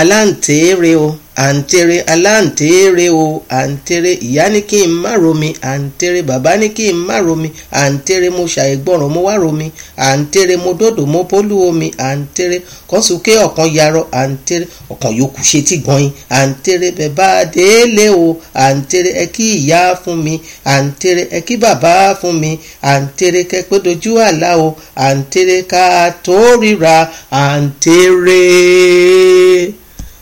aláǹtẹ̀ẹ̀rẹ̀ o àǹtẹ̀rẹ̀ aláǹtẹ̀ẹ̀rẹ̀ o àǹtẹ̀rẹ̀ ìyá ní kí n má romi àǹtẹ̀rẹ̀ bàbá ní kí n má romi àǹtẹ̀rẹ̀ mo ṣàìgbọràn mo wá romi àǹtẹ̀rẹ̀ mo dòdò mo bólú omi àǹtẹ̀rẹ̀ kọ́sùkẹ́ ọ̀kan yarọ àǹtẹ̀rẹ̀ ọ̀kan yòókù ṣe ti gbọ̀nyin àǹtẹ̀rẹ̀ bẹ̀bá délé o àǹtẹ̀rẹ̀ ẹ kí ìyá fún mi àǹtẹ̀rẹ̀ ẹ kí bàbá fún mi àǹtẹ̀rẹ̀ kẹ́pẹ́ dojú àlá o àǹtẹ̀rẹ̀ ká tó ríra àǹtẹ̀rẹ̀.